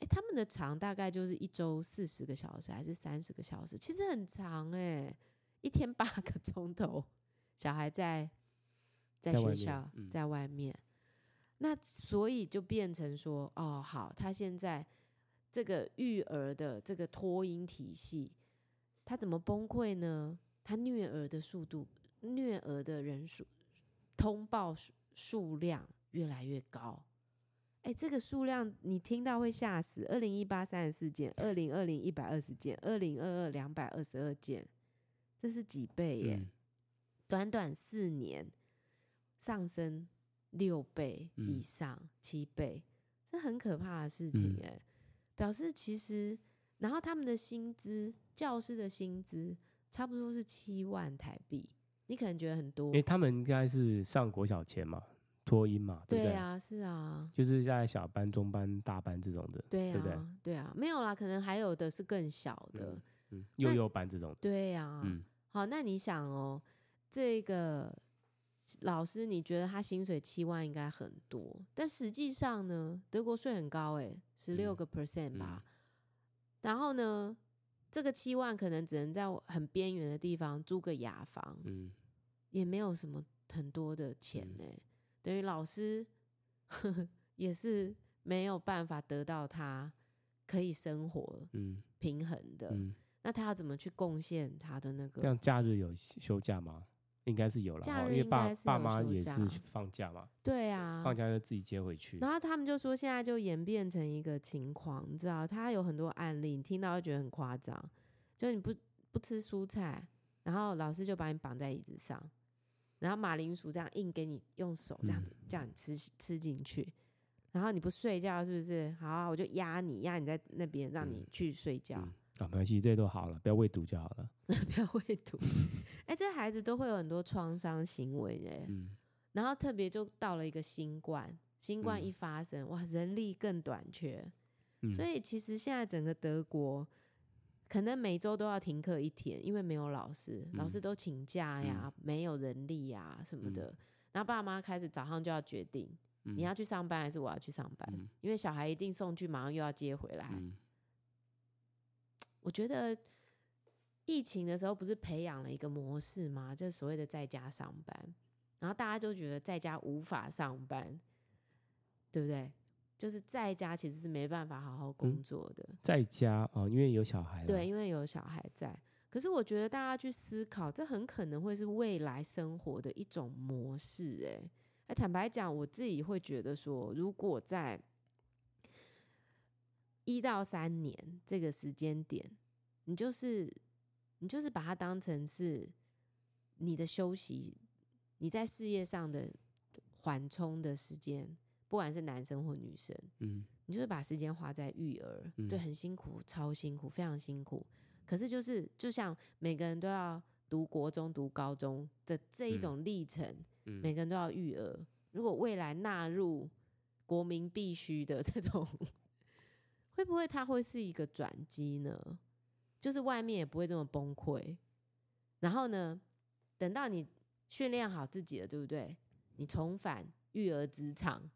誒、欸，他們的長大概就是一周四十個小時還是三十個小時，其實很長誒、欸，一天八個鐘頭，小孩在在學校在外、嗯、在外面，那所以就變成說，哦，好，他現在這個育兒的這個托嬰體系，他怎麼崩潰呢？他虐兒的速度，虐兒的人數通報數。數量越來越高，哎、欸，這個數量你聽到會嚇死。二零一八三十四件，二零二零一百二十件，二零二二兩百二十二件，這是幾倍耶、欸？嗯、短短四年上升六倍以上，七、嗯、倍，這很可怕的事情耶、欸。嗯、表示其實，然後他們的薪資，教師的薪資差不多是七萬台幣。你可能覺得很多，因為他們應該是上國小前嘛，托嬰嘛，對啊，是啊，就是在小班、中班、大班這種的，對啊，對不對？對啊，沒有啦，可能還有的是更小的，幼幼班這種。對啊，好，那你想哦，這個老師你覺得他薪水七萬應該很多，但實際上呢，德國稅很高，哎，十六個 percent 吧。然後呢，這個七萬可能只能在很邊緣的地方租個雅房，嗯。也沒有什麼很多的錢呢、欸，嗯、等於老師呵呵也是沒有辦法得到他可以生活嗯平衡的。嗯、那他要怎麼去貢獻他的那個？像假日有休假嗎？應該是有了，假日應該是有休假，因為爸爸媽也是放假嘛。對啊，放假就自己接回去。然後他們就說現在就演變成一個情況，你知道？他有很多案例，你聽到就覺得很誇張，就你不不吃蔬菜，然後老師就把你綁在椅子上。然後馬鈴薯這樣硬給你用手這樣子叫你吃，嗯、吃進去，然後你不睡覺是不是？好，好，我就壓你壓你在那邊，讓你去睡覺。嗯嗯、啊，沒關係，這些都好了，不要餵毒就好了。 不要餵毒，哎、 欸，這些孩子都會有很多創傷行為的，欸。嗯、然後特別就到了一個新冠，新冠一發生，嗯、哇，人力更短缺，嗯、所以其實現在整個德國。可能每週都要停課一天，因為沒有老師，嗯、老師都請假呀，嗯、沒有人力呀什麼的。那、嗯、爸媽開始早上就要決定，嗯、你要去上班還是我要去上班，嗯、因為小孩一定送去，馬上又要接回來。嗯、我覺得疫情的時候不是培養了一個模式嗎？就是、所謂的在家上班，然後大家就覺得在家無法上班，對不對？就是在家其實是沒辦法好好工作的，在家哦，因為有小孩。對，因為有小孩在。可是我覺得大家去思考，這很可能會是未來生活的一種模式。哎，哎，坦白講，我自己會覺得說，如果在一到三年這個時間點，你就是你就是把它當成是你的休息，你在事業上的緩衝的時間。不管是男生或女生，嗯，你就是把時間花在育兒，嗯、對，很辛苦，超辛苦，非常辛苦。可是就是就像每個人都要讀國中、讀高中的這一種歷程，嗯嗯每個人都要育兒。如果未來納入國民必須的這種，會不會它會是一個轉機呢？就是外面也不會這麼崩潰。然後呢，等到你訓練好自己了，對不對？你重返育兒職場。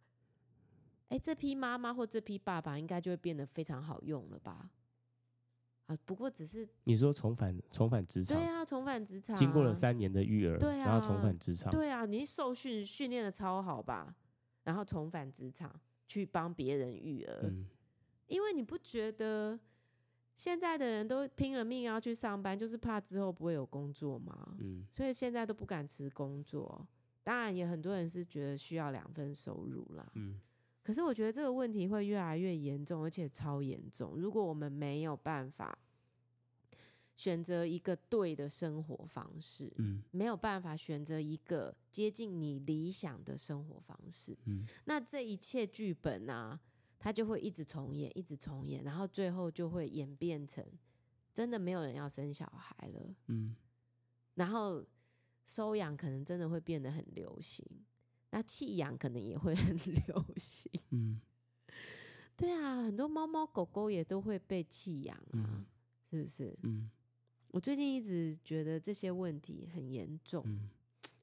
哎、欸，這批媽媽或這批爸爸應該就會變得非常好用了吧？啊，不過只是你說重返，重返職場，對啊，重返職場，經過了三年的育兒，對啊，然後重返職場，對啊，你受訓訓練得超好吧，然後重返職場去幫別人育兒，嗯、因為你不覺得現在的人都拼了命要去上班，就是怕之後不會有工作嘛，嗯、所以現在都不敢辭工作，當然也很多人是覺得需要兩份收入啦，嗯可是我覺得這個問題會越來越嚴重，而且超嚴重。如果我們沒有辦法選擇一個對的生活方式，嗯，沒有辦法選擇一個接近你理想的生活方式，嗯，那這一切劇本啊，它就會一直重演，一直重演，然後最後就會演變成真的沒有人要生小孩了，嗯，然後收養可能真的會變得很流行。那棄養可能也會很流行，嗯、 對啊，很多貓貓狗狗也都會被棄養啊，嗯、是不是？嗯、我最近一直覺得這些問題很嚴重、嗯，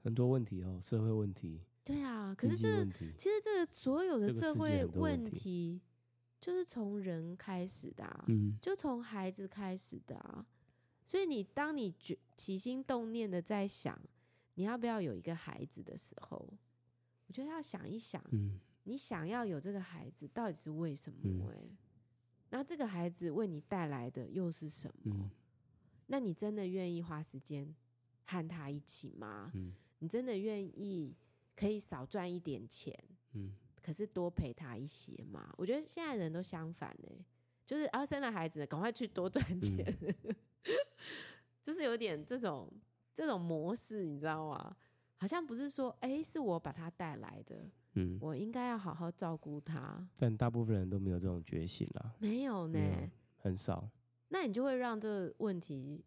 很多問題哦，社會問題，對啊，可是這個其實這個所有的社會問題就是從人開始的，啊，嗯、就從孩子開始的啊，所以你當你覺起心動念的在想你要不要有一個孩子的時候，我覺得要想一想，嗯、你想要有這個孩子到底是為什麼？欸？嗯、那這個孩子為你帶來的又是什麼？嗯、那你真的願意花時間和他一起嗎？嗯、你真的願意可以少賺一點錢，嗯、可是多陪他一些嗎？我覺得現在人都相反嘞、欸，就是啊，生了孩子，趕快去多賺錢，嗯， 就是有點這種這種模式，你知道嗎？好像不是說，哎、欸，是我把他帶來的，嗯，我應該要好好照顧他。但大部分人都沒有這種覺醒啦，沒有呢，很少。那你就會讓這個問題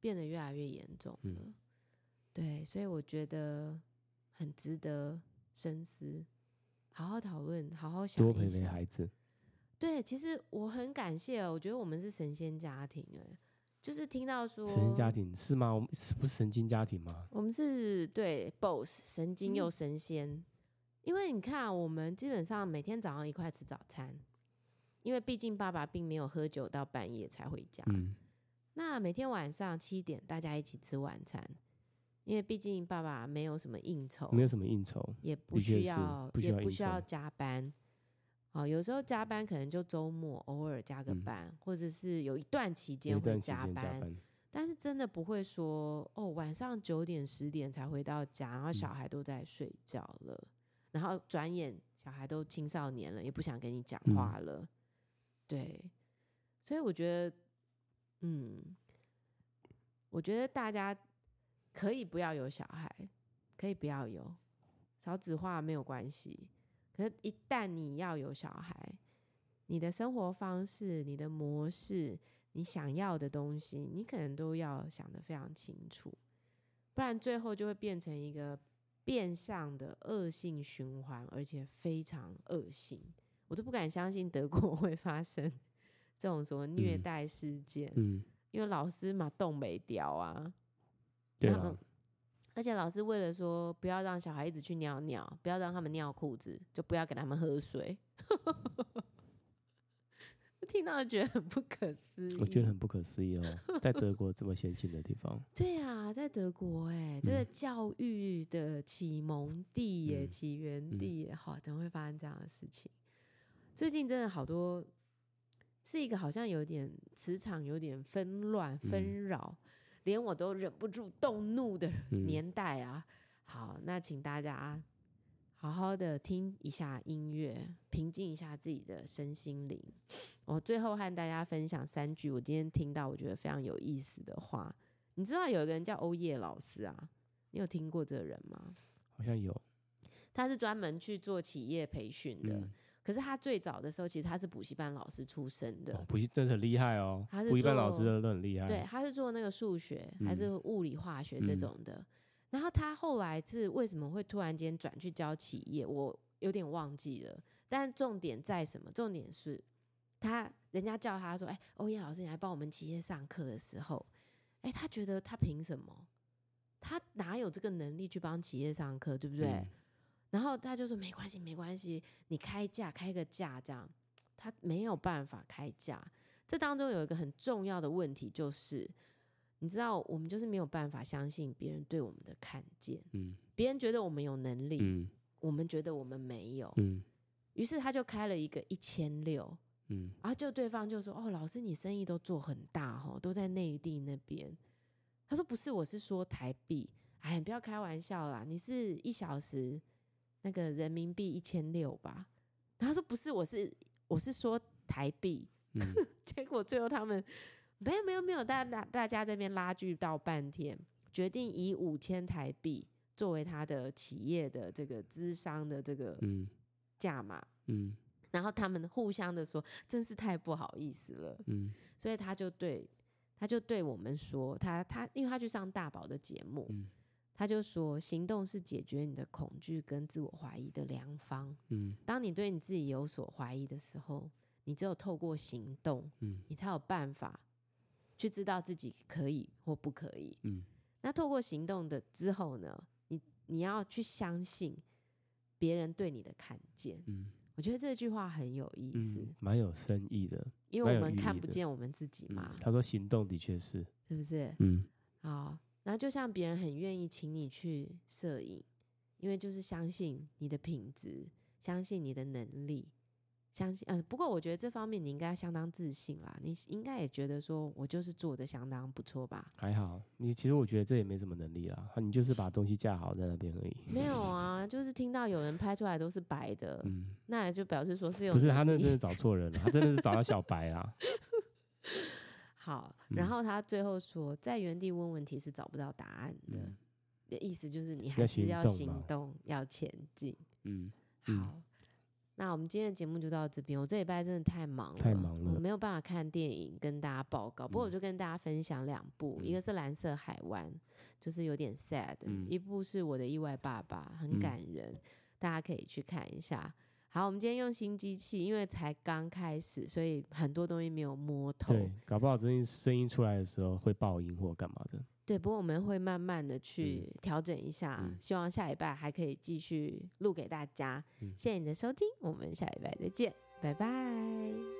變得越來越嚴重了。嗯、對，所以我覺得很值得深思，好好討論，好好想一想。多陪陪孩子。對，其實我很感謝哦，我覺得我們是神仙家庭哎。就是聽到說神經家庭是嗎？我們不是神經家庭嗎？我們是對 both 神經又神仙，嗯。因為你看我們基本上每天早上一塊吃早餐，因為畢竟爸爸並沒有喝酒到半夜才回家。嗯。那每天晚上七點大家一起吃晚餐，因為畢竟爸爸沒有什麼應酬，沒有什麼應酬，也不需要不需要，也不需要加班。哦，有時候加班可能就周末偶爾加個班，嗯、或者是有一段期間會加班，加班。但是真的不會說哦，晚上九點十點才回到家，然後小孩都在睡覺了，嗯、然後轉眼小孩都青少年了，也不想跟你講話了。嗯、對，所以我覺得，嗯，我覺得大家可以不要有小孩，可以不要有少子化沒有關係。可是，一旦你要有小孩，你的生活方式、你的模式、你想要的東西，你可能都要想得非常清楚，不然最後就會變成一個變相的惡性循環，而且非常惡性。我都不敢相信德國會發生這種什麼虐待事件，嗯嗯，因為老師嘛，動沒掉啊，對啊。而且老師為了說不要讓小孩一直去尿尿，不要讓他們尿褲子，就不要給他們喝水。 我聽到覺得很不可思議，我覺得很不可思議哦，在德國這麼先進的地方。 對啊，在德國哎、欸，這個教育的啟蒙地耶、嗯、起源地耶好、嗯嗯哦，怎麼會發生這樣的事情？最近真的好多是一個好像有點磁場有點紛亂紛擾。連我都忍不住動怒的年代啊！好，那請大家好好的聽一下音樂，平靜一下自己的身心靈。我最後和大家分享三句我今天聽到我覺得非常有意思的話。你知道有一個人叫歐葉老師啊？你有聽過這個人嗎？好像有。他是專門去做企業培訓的。嗯可是他最早的時候，其實他是補習班老師出身的，補習真的很厲害哦。他是補習班老師真的很厲害。對，他是做那個數學還是物理化學這種的。然後他後來是為什麼會突然間轉去教企業，我有點忘記了。但重點在什麼？重點是，他人家叫他說：“哎，歐耶，老師，你來幫我們企業上課的時候。”哎，他覺得他憑什麼？他哪有這個能力去幫企業上課，對不對？嗯然後他就說：“沒關係，沒關係，你開價開個價這樣。”他沒有辦法開價。這當中有一個很重要的問題，就是你知道，我們就是沒有辦法相信別人對我們的看見。嗯、別人覺得我們有能力，嗯、我們覺得我們沒有，嗯、於是他就開了一個一千六，然後，就對方就說：“哦，老師，你生意都做很大哦，都在內地那邊。”他說：“不是，我是說台幣。”哎，你不要開玩笑啦，你是一小時。那個人民幣一千六吧，他說不是，我是我是說台幣，嗯、 結果最後他們沒有沒有沒有，大家大，大家這邊拉鋸到半天，決定以五千台幣作為他的企業的這個諮商的這個價碼，嗯嗯、然後他們互相的說真是太不好意思了，嗯、所以他就對他就對我們說，他他因為他去上大寶的節目，嗯他就說，行動是解決你的恐懼跟自我懷疑的良方。當你對你自己有所懷疑的時候，你只有透過行動，你才有辦法去知道自己可以或不可以。那透過行動的之後呢，你，你你要去相信別人對你的看見。我覺得這句話很有意思，蠻有深意的，因為我們看不見我們自己嘛。他說，行動的確是，是不是？嗯，好。然後就像別人很願意請你去攝影，因為就是相信你的品質，相信你的能力，相信……呃，不過我覺得這方面你應該相當自信啦。你應該也覺得說我就是做的相當不錯吧？還好，你其實我覺得這也沒什麼能力啦，你就是把東西架好在那邊而已。沒有啊，就是聽到有人拍出來都是白的，嗯，那也就表示說是有。不是他那真的找錯人了，他真的是找到小白啊。 好，然後他最後說，在原地問問題是找不到答案的，的、嗯、意思就是你還是要行動，要行動，要前進。嗯，嗯，好，那我們今天的節目就到這邊。我這禮拜真的太忙了，太忙了，沒有辦法看電影跟大家報告。不過我就跟大家分享兩部，嗯、一個是《藍色海灣》，就是有點 sad，、嗯、一部是我的意外爸爸，很感人，嗯、大家可以去看一下。好，我們今天用新機器，因為才剛開始，所以很多東西沒有摸透。對，搞不好聲音聲音出來的時候會爆音或幹嘛的。對，不過我們會慢慢的去調整一下，嗯、希望下禮拜還可以繼續錄給大家。謝謝、嗯、你的收聽，我們下禮拜再見，拜拜、嗯。Bye bye